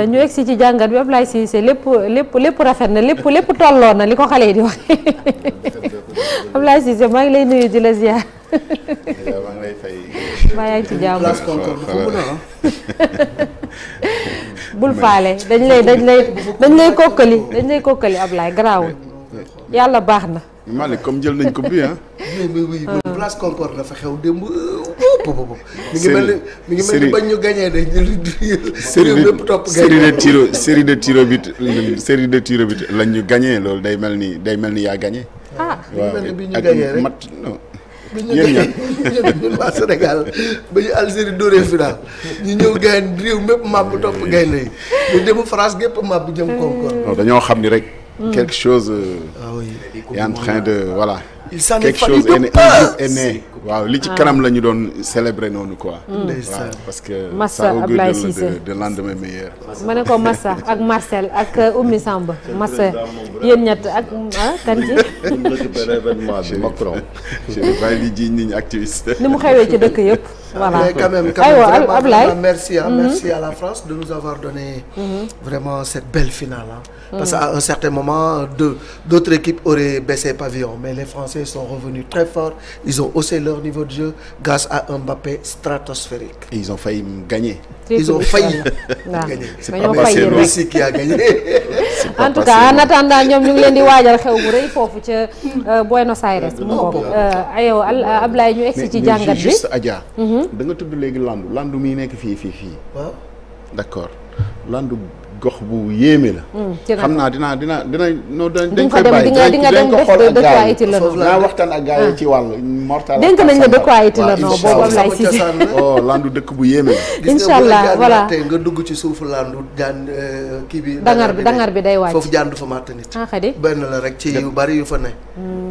ñu egg si ci jàngat bi Ablaye Cissé lépp lépp lépp rafet na lépp lépp tolloo na li ko xale yi di wax Ablaye Cissé maa ngi lay nuyu di la ziar. maa ngi lay fay. maa yaa ngi ci jàmm. Ah. bul faale dañ lay dañ lay dañ lay kokkali dañ lay kokkali Ablaye garaawul yàlla baax Malik comme jël nañ ko bi hein oui oui oui place Concorde dafa xew démb. mi ngi mel ni mi ngi mel ni bañ ñu gagné de série de série de tiro série de tiro bi série de tiro bi lañ ñu gagné loolu day melni day melni ni gagné. ah bi ñu gagné rek mat non. bi ñu gagné ñun waa Sénégal ba ñu Algérie dóoree final ñu ñëw gaañ réew mépp màpp topp gaynde yi ñu dem France gépp màpp jëm Concorde. dañoo rek. Mm. quelque chose euh, ah oui. est en train de voilà. il s'en est fallu de peur quelque chose est né waaw li ci ah. kanam lañu ñu doon célébrer noonu quoi. Mm. parce que. Massa Ablaye Cissé de de lendemain meilleur. mané ko Massa ak Marcel ak euh, Oumy Samba. Massa yéen ñet ak ah kan ci. événement bi Macron. li jiiñ ñi activiste. ni mu xewee ci dëkk yëpp. voilà mais quand même quand même vraiment merci hein. mm-hmm. merci à la France de nous avoir donné. Mm-hmm. vraiment cette belle finale hein. Parce mm. qu'à un certain moment, d'autres équipes auraient baissé pavillon. Mais les Français sont revenus très forts. Ils ont haussé leur niveau de jeu grâce à un Mbappé stratosphérique. Et ils ont failli gagner. Ils ont failli gagner. C'est pas Russie qui a gagné. en tout cas en attendant nous ñu ngi leen di waajal xew bu nous euh, Buenos Aires. mu bokk euh, ayow Ablaye ñu egsi ci bi juste Adja. Mhm. da nga tudd léegi landu landu mi d'accord landu. gox bu yéeme la. Hmm, xam naa dinaa dina dina non dañ koy bàyyi dinañ ko xool ak gars yi naa waxtaan ak gars yi ci wàll. mortal dénk nañ la dëkk waayiti la non boobu lay si oh landu dëkk bu yéeme la. incha allah voilà tey nga dugg ci suufu landu jaan eh, kii bi. dangar bi dangar bi day wàcc foofu jaan du fa màtt nit. Ah, benn la rek ci yu bari yu fa ne. Hmm.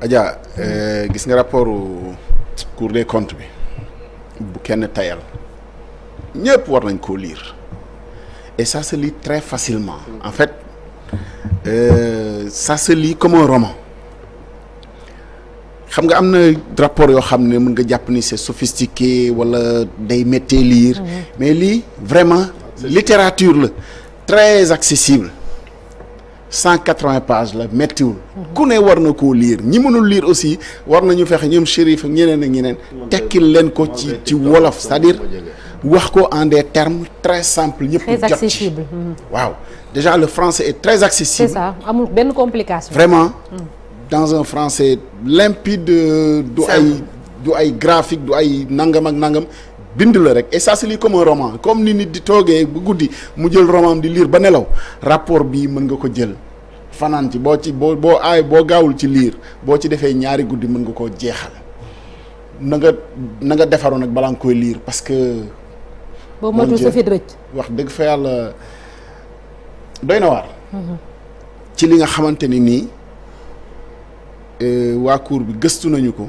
Adja eh, gis nga rapport Cour des comptes bi bouquin de tayal ñepp war nañ ko lire et ça se lit très facilement en fait euh, ça se lit comme un roman xam nga amna rapport yo xam ne mën nga ni c'est sophistiqué wala day metté lire mhm. mais li vraiment littérature très accessible 180 pages la méttiwul. ne war lire ñi mënul lire aussi war na shérif ak c'est-à-dire wax ko en des termes très simples. ñepp hmm. déjà le français est très accessible. c'est ça amul complication. vraiment hmm. dans un français limpide euh, du graphique du ay bind la rek et ça kom lit comme un roman comme ni nit di toogee bu goudi mu jël roman di lire ba nelaw rapport bi meun nga ko jël fanaan ci boo ci bo ay bo boo gaawul ci lire bo ci defee ñaari goudi meun nga ko jéxal na nga na nga défaro nak balaa koy lire parce que. bo moytuwul sa fit rëcc wax deug fa yalla doyna war mhm. ci li nga xamanteni ni euh wa cour bi gëstu nañu ko.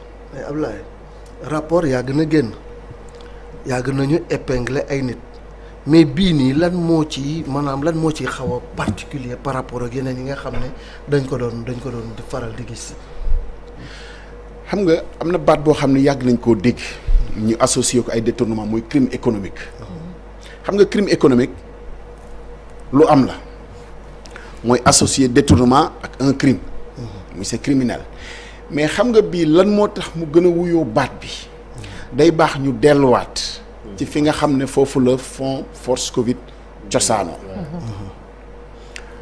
mais Ablaye rapport yaa gën a génn yàgg nañu épingler ay nit mais bii nii lan moo ci maanaam lan moo ci xaw a particulier par rapport ak yeneen yi nga xam ne dañ ko doon dañ ko doon faral di gis. xam nga am na baat boo xam ne yàgg nañ koo dégg ñu associé ko ay détournement mooy crime économique xam nga crime économique lu am la mooy associé détournement ak un crime muy c'est criminel mais xam nga bi lan mo tax mu gëna a baat bi day bax ñu delluwaat ci fi nga xam ne foofu la fond force Covid cosaano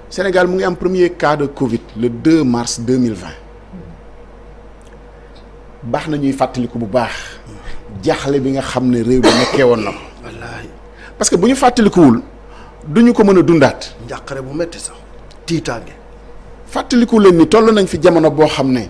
Sénégal mu ngi am premier cas de Covid le 2 mars 2020 bax na ñuy fàttaliku bu baax jaaxle bi nga xam ne réew bi nekkee woon na parce que bu ñu fàttalikuwul du ko mën a dundaat. njàqare bu metti sax tiitaange. fàttaliku leen ni toll nañ fi jamono boo xam ne.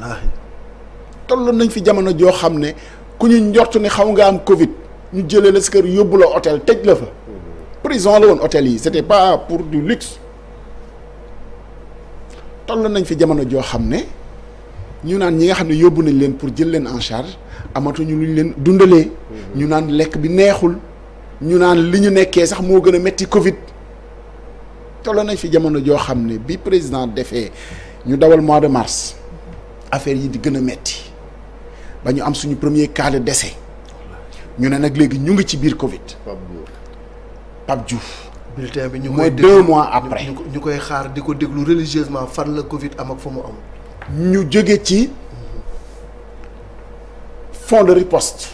wallaahi tolloon nañ fi jamono jo xam ne ku ñu njort ne xaw nga am Covid ñu jëlee la si kër yóbbu la hôtel tëj la fa. prison la won hôtel yi c'était pas pour du luxe tolloon nañ fi jamono jo xam ñu naan ñi nga xam ne yóbbu nañ leen pour jël leen en charge amatu ñu luñ leen dundalé ñu naan lek bi neexul. ñu naan li ñu nekkee sax mo gëna metti Covid tolloon nañ fi jamono jo xam bi président défé ñu dawal mois de mars affaire yi di gën metti ba ñu am suñu premier cas de décès ñu né nak légui ñu ngi ci biir Covid. pap djouf bulletin bi ñu moy deux mois après ñu koy xaar diko déglu religieusement fan la Covid am ak famu am. ñu jóge ci fonds de riposte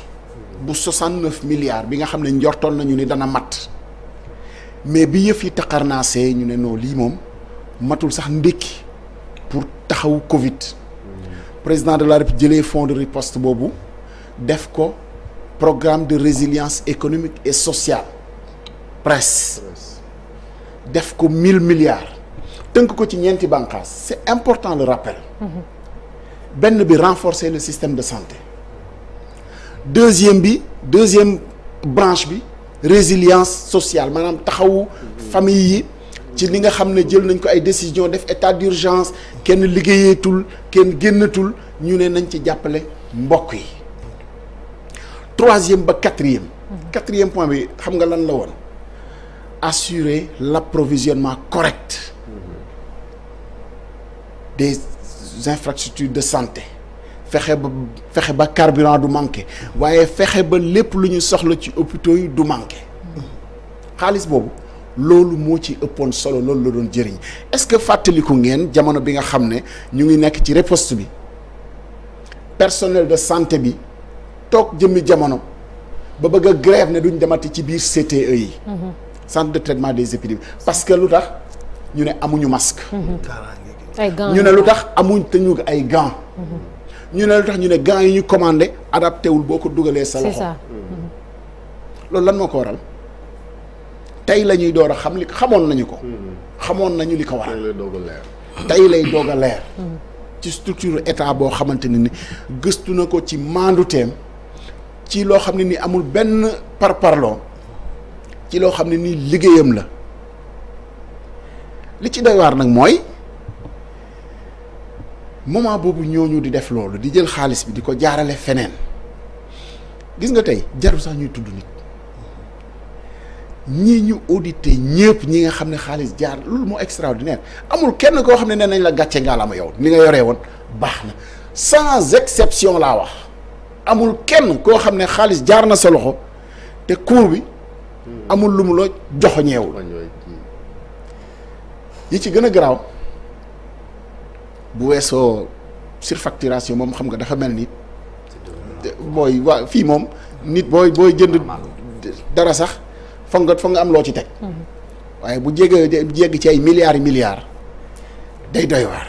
bu 69 milliards bi nga xamné ne nañu ni dana mat mais bi yëf yi sé ñu né non li mom matul sax ndékki pour taxawu Covid président de la République jëlee fonds de riposte bobou DEFCO programme de résilience économique et sociale presse Defco 1000 milliards tant que c'est important le rappel benn bi renforcer le système de santé deuxième bi deuxième branche résilience sociale Madame taxawu famille ci li nga xamné ne jël nañ ko ay décision def état d'urgence kenn liggéeyeetul kenn génnatul ñu né nañ ci jappalé mbokk yi 3 troisième ba 4e 4 quatrième point bi xam nga lan la won assurer l'approvisionnement correct des infrastructures de santé fexé ba fexé ba carburant du manquer waaye fexé ba lepp lu ñu soxla ci hôpitaux yi du manquer xaalis bobu loolu moo ci ëppoon solo loolu la doon jëriñ est-ce que fàttaliku ngeen jamono bi nga xam ne ñu ngi nekk ci riposte bi personnel de santé bi toog jëmmi jamono ba bëgg a grève ne duñ demati ci biir CTE yi. Mhm. centre de des parce que lu tax ñu ne amuñu masque. Mhm. ay ñu ne lu tax amuñ te ñu ay gants. Mhm. ñu ne lu tax ñu ne gants yi ñu commandé adapté wul boo ko dugalee sa loxo. loolu lan moo ko waral. tey la ñuy door a xam li xamoon nañu ko hmm. xamoon nañu li ko waral tey lay doga a leer hmm. Hmm. ci structure état boo xamante ni gëstu na ko ci mandutem. ci loo xam ni amul ben parparloo ci loo xam ni liggéeyam la li ci doy waar nag mooy moment ñooñu di def di jël xaalis bi di ko jaarale fenen. gis nga tey jarul sax ñuy tudd nit ñii ñu audité ñëpp ñi nga xam ne xaalis jaar loolu moo extraordinaire amul kenn koo xam ne nee nañ la gàcce ngaalaama yow ni nga yoree woon baax na sans exception laa wax amul kenn koo xam ne xaalis jaar na sa loxo te cour bi amul lu mu la joxoñeewul yi ci gën a garaaw bu weesoo surfacturation moom xam nga dafa mel ni mooy fii moom nit booy booy jënd dara sax foog nga foog nga am loo ci teg. Mhm. waaye bu jégg jégg ci ay milliards milliards day doy waar.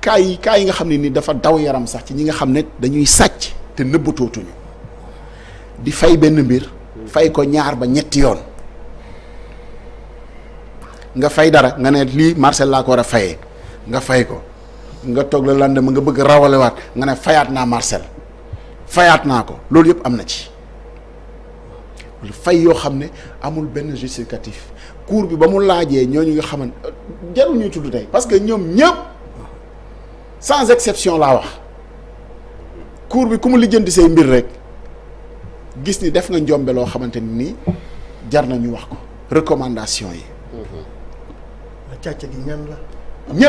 cas yi yi nga xam ne ni dafa daw yaram sax ci ñi nga xam ne dañuy sàcc te nëbbatootuñu di fay benn mbir. fay ko ñaar ba ñetti yoon. nga fay dara nga ne lii Marcel laa ko war a fayee nga fay ko nga toog la lendemain nga bëgg rawalewaat nga ne fayaat naa Marcel fayaat naa ko loolu yëpp am na ci. fay yo xamné amul ben justificatif cour bi ba lajé laajee ñooñu xamné jaru parce que ñom sans exception là wax cour bi kumu mu mbir rek gis ni def nga lo xamanteni ni recommandation yi. gi ñan la.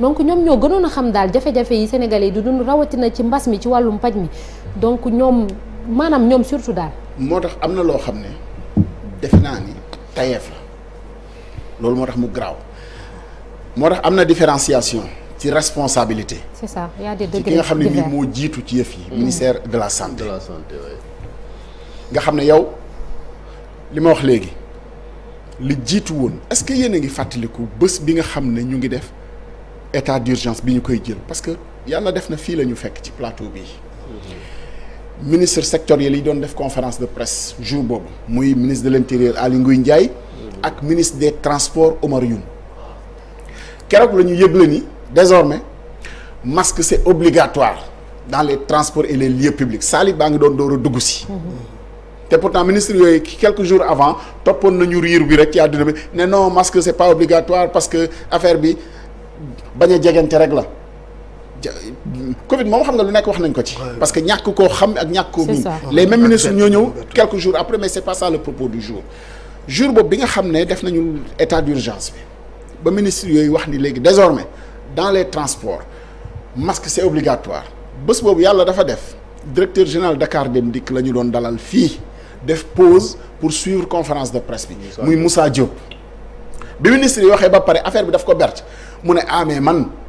donc ñoom ñoo gënoon a xam daal jafe-jafe yi sénégalais yi du dund rawatina ci mbas mi ci wàllu paj mi donc ñoom maanaam ñoom surtout daal. moo tax am na loo xam ne defe naa ni tayeef la loolu moo tax mu garaaw moo tax am na différenciation ci responsabilité. c'est ça a des degrés ci ki nga xam ne nii moo jiitu ci yëf yi. Mm-hmm. ministère de la santé. la santé nga xam ne yow li ma wax léegi li jiitu woon est-ce que yéen a ngi fàttaliku bés bi nga xam ne ñu ngi def. état d'urgence bi ñu koy jël parce que yalla def na fi lañu fekk ci plateau bi ministre sectoriel a doon def conférence de presse jour bobu muy ministre de l'intérieur et le ministre des transports Omar Youm keroog lañu ñu ni désormais masque c'est obligatoire dans les transports et les lieux publics sali ce doon dooro a dugg Et pourtant, pourtant ministre quelques jours avant a nañu riir bi rek ci non masque c'est pas obligatoire parce que affaire bi baña a rek la Covid mom xam nga lu nek wax nañ ko ci. parce que ko xam ak les mêmes ministres ñoo ñëw quelques jours après mais c'est pas ça le propos du jour. jour où bi nga xamné def nañu état d'urgence bi ba ministre yoy wax ni légui désormais dans les transports masque c'est obligatoire bëss bob yalla dafa def directeur général Dakar Dem dit lañu ñu doon dalal fi def pause pour suivre conférence de presse bi. muy Moussa Diop. Le ministre a dit que l'affaire est ouverte. Il a dit Ah, mais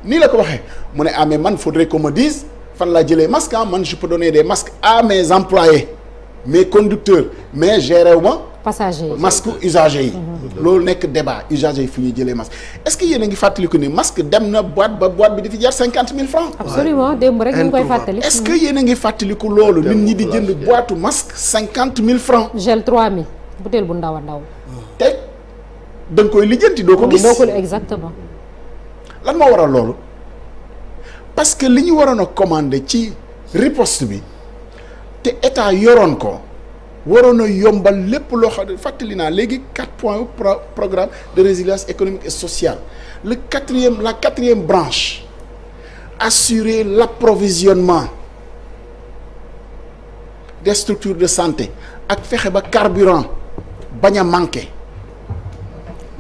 il ah, faudrait qu'on me dise fan la les masques. Hein? Ah, je peux donner des masques à mes employés, mes conducteurs, mes gérants. Passagers. Masques usagers. C'est ce qui débat. Usagers ont les masques. Est-ce qu'il y a des que les masques dans une boîte de boîte de 50 000 francs Absolument. Ouais. Est-ce qu'il y a des gens qui ont fait une boîte de masques 50 000 francs J'ai 3 000. Je vais vous dire da nga koy lijjanti do ko gis exactement lan mo waral lolu parce que liñu warono commander ci riposte bi te état yoron ko warono yombal lepp lo xam ne fàttali naa léegi quatre points programme de résilience économique et sociale le quatrième la quatrième branche assurer l'approvisionnement des structures de santé ak fexe ba carburant baña manquer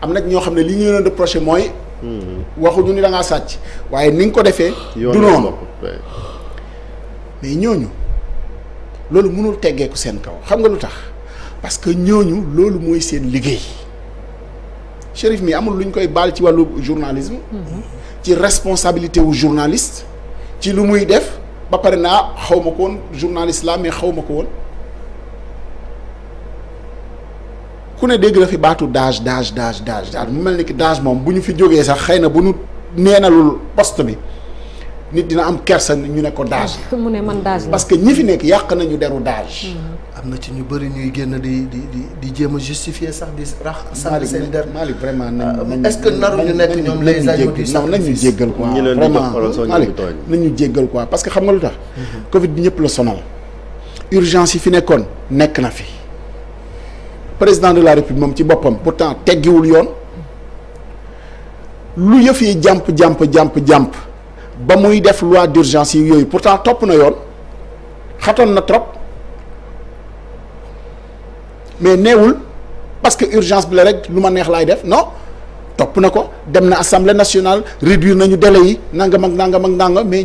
am nag ñoo xam ne li ñu leen reproché mooy. waxuñu ni dangaa sàcc waaye ni nga ko defee. du noonu mais ñooñu loolu mënul teggeeku seen kaw xam nga lu tax parce que ñooñu loolu mooy seen liggéey Chérif mii amul lu ñu koy baal ci wàllu journalisme. ci responsabilité wu journaliste. ci lu muy def ba pare naa xaw ma ko woon journaliste la mais xaw ma ko woon. ku ne dégg na fi baatu daaj daaj daaj daaj daaj mu mel ni ki daaj moom bu ñu fi jógee sax xëy na bu ñu neenalul post bi nit dina am kersa ñu ne ko daaj ne man daaj parce que ñi fi nekk yàq nañu deru daaj mm-hmm. am na ci ñu bëri ñuy génn di di di di jéem a justifier sax di rax sànni seen der Malick vraiment nañ euh, ñu nekk ñoom les agneaux du sacrifice nañ ñu jéggal quoi vraiment Malick nañ ñu jéggal quoi parce que xam mm-hmm. bi ñëpp la sonal urgence yi fi nekkoon nekk na fi président de la république pourtant Tegui yoon lui il yi là. jump, jump, ba muy loi d'urgence pourtant top na trop mais là. parce que l'urgence, est la rek lu non top na assemblée nationale réduire nañu délai mais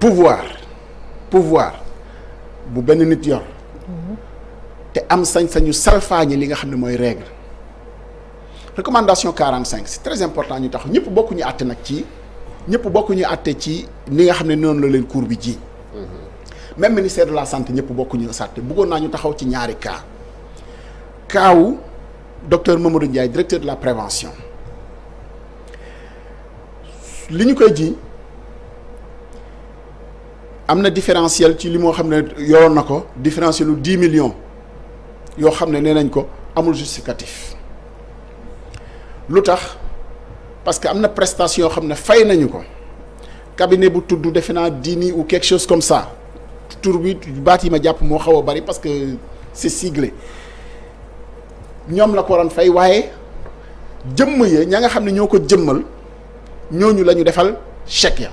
pouvoir pouvoir bu ben nit yor té am sañ-sañu salfaañi li nga xamné moy règle recommandation 45 c'est très important ñu tax ñep bokku ñu atté nak ci ñep bokku ñu atté ci ni nga xamné non la leen cour bi ji même ministère de la santé ñep ñëpp bokkuñu sàtte bëggoon naa ñu taxaw ci ñaari cas kaawu docteur Mamadou Ndiaye directeur de la prévention liñ koy ji am différentiel ci li moo xam ne yoroon na différentiel de dix millions Yo xam nenañ ko amul justificatif lutax parce que amna prestation yoo xam fay nañu ko cabinet bu tuddu defe dini ou quelque chose comme ça tur bi baat yi ma jàpp moo xaw bari parce que c'est siglé ñom la ko ron fay waye jëm ye ña nga xam ne jëmmal ñoñu lañu defal chèque ya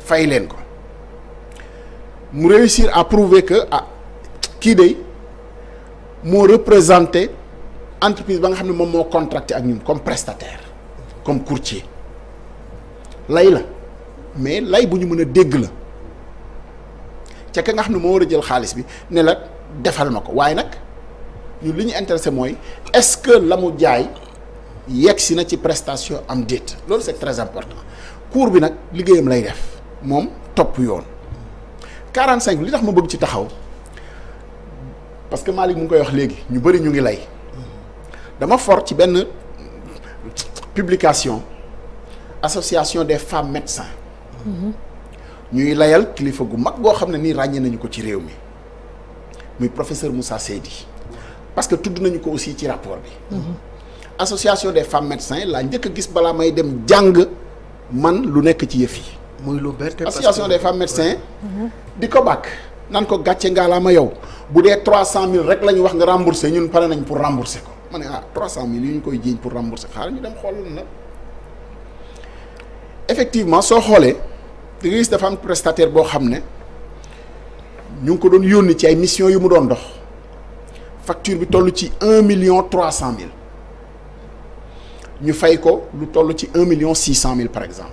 fay len ko mu réussir à prouver que ah kii day mo représenter entreprise ba nga xamne mom mo contracté ak ñun comme prestataire comme courtier lay la mais lay buñu mëna dégg la ci ka nga xam mo wara jël xaalis bi ne la defal ma ko waaye nag ñun li intéressé est-ce que la jaay yegg na ci prestation am dette loolu c'est très important cour bi nak liggéeyam lay def mom top yoon 45 li tax mo bëgg ci taxaw parce que malik mu ngi koy wax légui ñu bari ñu ngi lay dama for ci ben publication association des femmes médecins ñuy layal kilifa gu mag go xam ni ragné nañu ko ci réew mi muy professeur Moussa Seydi parce que tudd nañu ko aussi ci rapport bi association des femmes médecins la ñëk gis bala may dem jang man lu nekk ci yëf yi l'association association des femmes médecins di ko nan ko 300 trois rek Vous pour rembourser 300 000 pour rembourser effectivement si vous avez des les prestataires prestataires nous mission yu facture bi de ci million trois cent mille ñu million par exemple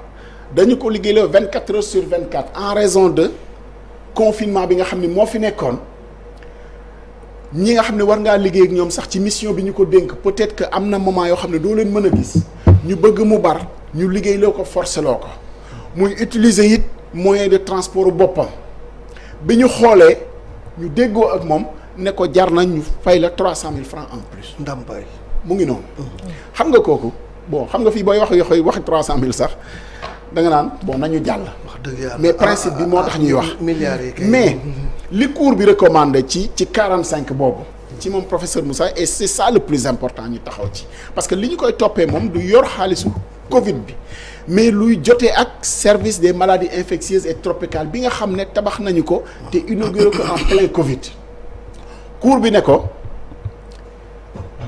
dañu ko liggéeyloo 24 heures sur 24 en raison de confinement bi nga xamni mo fi nekkoon ñi nga xamni war nga liggéey ak ñoom sax ci mission bi ñuko dénk peut-être que amna moment yo xamni do doo leen mën gis ñu bëgg mu bar ñu liggéeyloo loko forcé loko muy utiliser yit moyen de transport boppam biñu xolé ñu déggo ak mom ne ko jar na ñu fay la 300 000 francs en plus. bay mu ngi non mm-hmm. xam nga Koko. bon xam nga fi boy wax yoo xam 300 000 sax da bon nañu jàll. mais principe bi motax ñuy ah, wax. mais li cours bi recommandé ci ci 45 bobu ci moom professeur Moussa et c'est ça le plus important ñu taxaw ci parce que li ñu koy toppee moom du yor xalisu Covid bi mais luy jotee ak service des maladies infectieuses et tropicales bi nga xamné tabax nañu ko té inauguré ko en plein Covid cours bi ne ko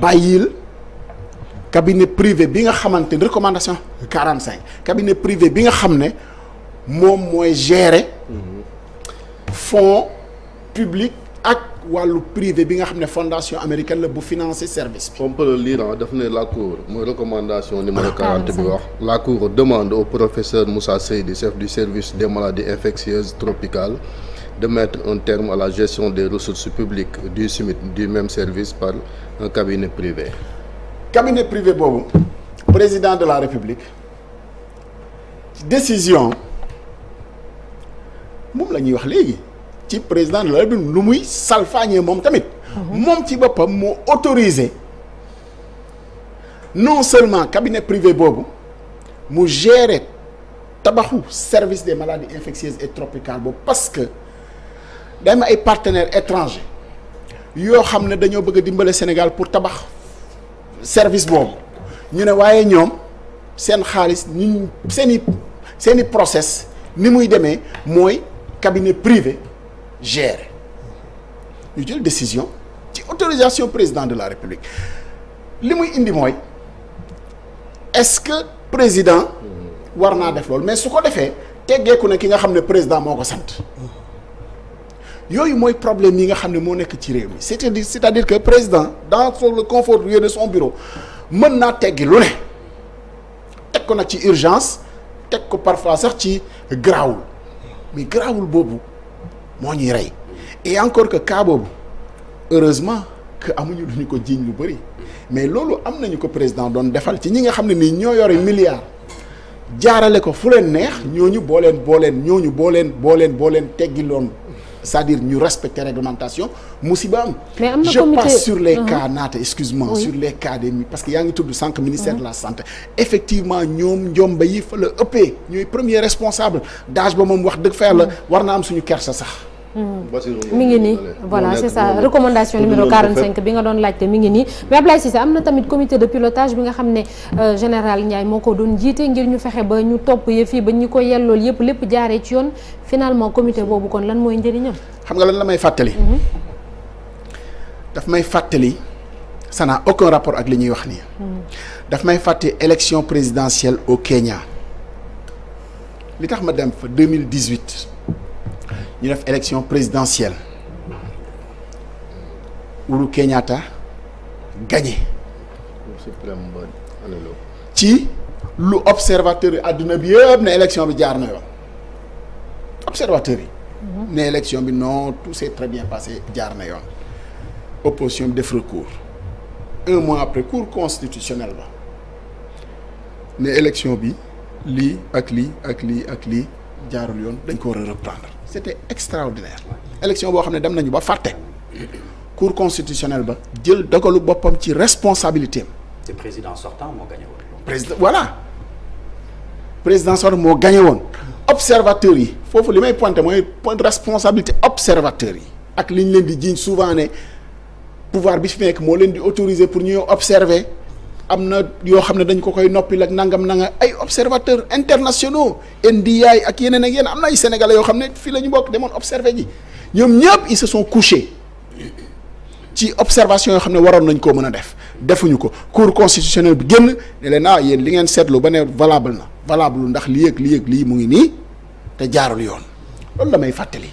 bayil cabinet privé bi nga recommandation 45 cabinet privé bi nga xamné gérer fonds publics ak walu privé bi fondation américaine le bu financer service on peut le lire hein, daf la cour recommandation numéro 40 ah, la cour demande au professeur Moussa Seydi chef du service des maladies infectieuses tropicales. de mettre un terme à la gestion des ressources publiques du du même service par un cabinet privé cabinet privé Bobo, président de la république décision mom lañuy wax ci président de la république lu muy salfaañee moom tamit. mom mhm. ci bopam mo autorisé non seulement cabinet privé Bobo, mu gérer tabaxu service des maladies infectieuses et tropicales parce que day ay partenaires étrangers yo xamné de bëgg dimbalé Sénégal pour tabac service bon Nous ne voyons ñoom sen xaalis ñu seen seni process ni muy demee moy cabinet privé gère ñu jël décision ci autorisation président de la république li muy indi moy est-ce que président warna def loolu mais su ko téggé teggeeku na ki nga xamné président moko sante yooyu mooy problème yi nga xam ne moo ci mi c'est-à-dire c'est-à-dire que président dans son le confort de son bureau mën naa teggi lu ne a une ci urgence teg ko parfois sax ci garaawul mais graoul bobo, mon ñuy et encore que cas heureusement que amuñu lu ñu ko jiiñ lu mais lolo am nañu ko président dans défal ci ñi nga xam ne nii ñoo milliards jaarale ko fu leen neex bolen bolen, leen boo bolen bolen, boo leen c'est-à-dire ñu respecter réglementation musiba am je passe sur les uh-huh. cas Nath, excuse-moi sur les cas des parce que un ngi de sànq uh-huh. ministère de la santé effectivement nous sommes yi fa nous sommes les premier responsable d'âge ba moom wax dëgg nous mm. war am Hmm. mi voilà c'est ça recommandation numéro 45 bi nga doon laajte mi ngi nii mais Ablaye Cissé am na tamit comité de pilotage bi nga xam ne euh, général Ndiaye moo ko doon jiite ngir ñu top ba ñu topp yëf yi ba ñu ko yellool yëpp lépp ci yoon finalement comité boobu kon lan mooy njëriñam. xam nga lan la may fàttali. Mhm. daf may fatali, ça n'a aucun rapport ak li ñuy wax nii. Hmm. daf may élection présidentielle au Kenya li tax ma dem fa 2018 eu élection présidentielle le Kenyatta gagné ci très observateur yi àdduna élection bi observateur mhm. non tout s'est très bien passé L'opposition opposition de un mois après cour constitutionnelle ba élections élection bi li, ak reprendre c'était extraordinaire élection boo xam dem nañu ba cour constitutionnelle ba d'accord, responsabilité C'est le président sortant a gagné Voilà. président voilà président sortant a gagné Observateur. Il faut que vous point de responsabilité observateur. Avec ak gens qui souvent le pouvoir bi avec nekk moo pour nous observer amna yo yoo dañ ko koy nopi lak nangam nanga ay observateurs internationaux NDI ak yeneen ak yeneen amna ay sénégalais yo xam fi lañu bok ñu observer demoon observé ji ñoom ñëpp ils se sont couchés ci observation yo xam waron nañ ko mëna def defuñu ko cour constitutionnel bi génn ne leen ah li ngeen setlu ba ne valable na valable ndax li ak li ak li mu ngi ni te jaarul yoon loolu la may fàttali.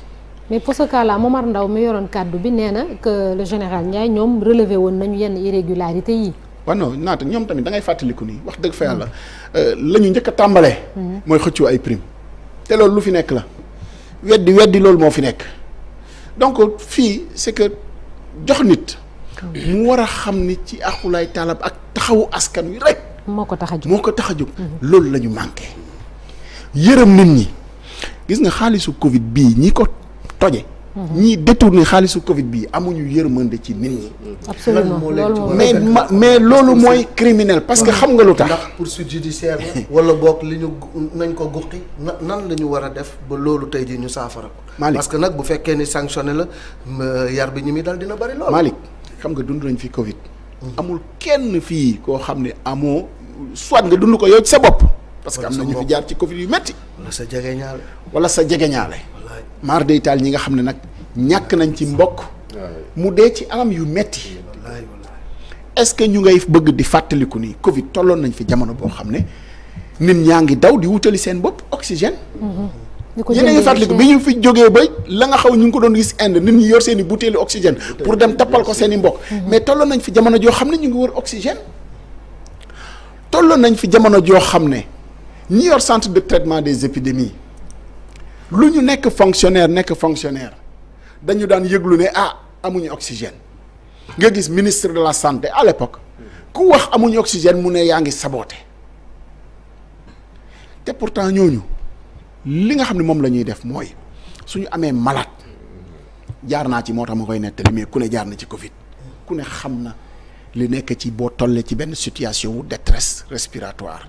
mais pour ce cas là Momar ndaw mi yoron kàddu bi nee que le général Ndiaye ñom relevé won nañu yenn irrégularités yi. waaw non naata ñoom tamit dangay ngay fàttaliku nii wax dëgg fa yàlla euh, la ñu njëkk a tàmbalee. Mhm. mooy xëccoo ay prime te loolu lu fi nekk la weddi weddi loolu moo fi nekk donc fii c'est jox nit. mu war a xam ni ci axulaay taalab ak taxawu askan wi rek. moo ko tax a jóg moo ko tax a jóg. Mhm. loolu manqué. yërëm nit ñi gis nga xaalisu Covid bii ñi ko toje. ñii détourné xaalisu Covid bii amuñu yërmande ci nit ñi. absolument mais mais loolu mooy criminel parce que mmh. xam nga lu tax. ndax poursuite judiciaire la wala boog li ñu nañ ko guqi nan la ñu war a def ba loolu tey jii ñu saafara ko. parce que nag bu fekkee ni sanctionné la yar bi ñi mi dal dina bari loolu. Malick xam nga dund nañ fi Covid. Mmh. amul kenn fii koo xam ne amoo soit nga dund ko yow sa bopp. parce que am na ñu fi jaar ci Covid yu metti wala sa jegeñaale. wala sa jegeñaale. maar day taal ñi nga xam ne nag ñàkk nañ ci mbokk mu dee ci anam yu metti est-ce que ñu ngay bëgg di fàttaliku nii Covid tolloon nañ fi jamono boo xam ne nit ñaa ngi daw di wutali seen bopp oxygène. Mm-hmm. yéen a ngi fàttaliku bi ñu fi jógee ba la nga xaw ñu ngi ko doon gis Inde nit ñi yor seeni i butéelu pour dem tappal ko seen i mbokk mm-hmm. mais tolloon nañ fi jamono joo xam ne ñu ngi wër oxygène tolloon nañ fi jamono joo xam ne ñi yor centre de traitement des épidémies lu ñu nekk fonctionnaire nekk fonctionnaire dañu daan yëglu ne ah amuñu oxygène nga gis ministre de la santé à l'époque ku wax amuñu oxygène mu ne yaa ngi saboté te pourtant ñooñu li nga xam ne moom la ñuy def mooy suñu amee malade jaar naa ci moo tax ma koy nettali mais ku ne jaar na ci Covid ku ne xam na li nekk ci boo tollee ci benn situation wu détresse respiratoire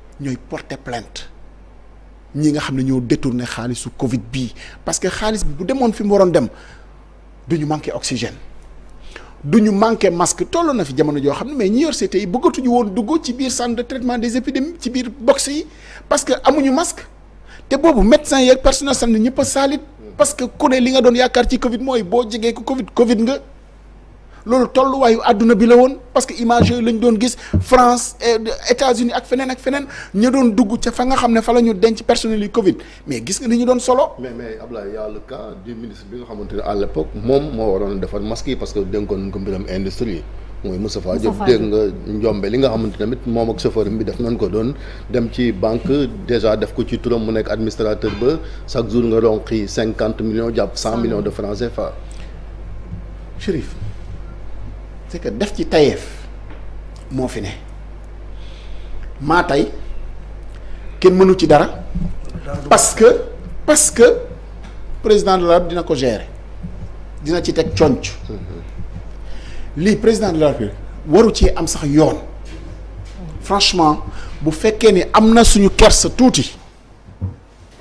ñooy porter plainte ñi nga xam ne ñoo détourné xaalisu Covid bii parce que xaalis bi bu demoon fi mu waroon dem du ñu manqué oxygène du ñu manqué masque tolloon na fi jamono joo xam ne mais ñi yor seete yi bëggatuñu woon dugg ci biir centre de traitement des épidémies ci biir box yi parce que amuñu masque te boobu médecin yeeg personnel santé ñëpp a saalit parce que ku li nga doon yaakaar ci Covid mooy boo jegee ko Covid Covid nga. loolu wayu aduna bi la woon parce que image yi lañ doon gis France eh, États-Unis ak fenen ak fenen ñi doon dugg ci fa nga xam fa lañu denc personnel yi Covid mais gis nga ni ñu doon solo. mais mais Ablaye ya le cas du ministre bi nga xamanteni à l'époque mom mo waron defal masque parce que dénkoon nañ ko mbiram industrie mooy Moustapha Diop dégg nga ñombe li nga xamanteni tamit mom ak chauffeur bi def nañ ko doon dem ci banque déjà def ko ci turam mu nek administrateur ba chaque jour nga ronqi 50 millions jàpp 100 millions de francs CFA. Chérif c'est que def ci tayef mo fi né ma tay ken mënu ci dara parce que parce que président de la République dina ko gérer dina ci tek conc li président de la République waru ci am sax yoon franchement bu féké ni amna suñu kersa touti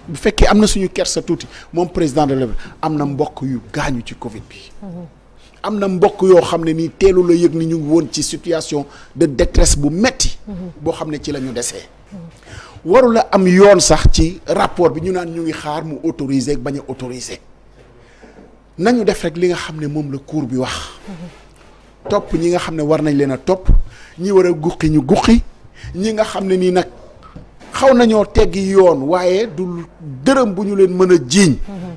bu féké amna suñu kersa touti mom président de la République amna mbokk yu gañu ci Covid bi am na mbokk yoo xam ne nii teelu la yëg ni ñu ngi woon ci situation de détresse bu metti mhm. boo xam ne ci lañu ñu desee warula am yoon sax ci rapport bi ñu naan ñu ngi xaar mu autorisé bañ a autoriser nañu def rek li nga xam ne moom la cour bi wax mhm. topp ñi nga xam ne war nañ leen a topp ñi war a guqi ñu guqi ñi nga xam ne nii nag xaw nañoo teggi yoon waaye du dërëm bu ñu leen mën a jiiñ mhm.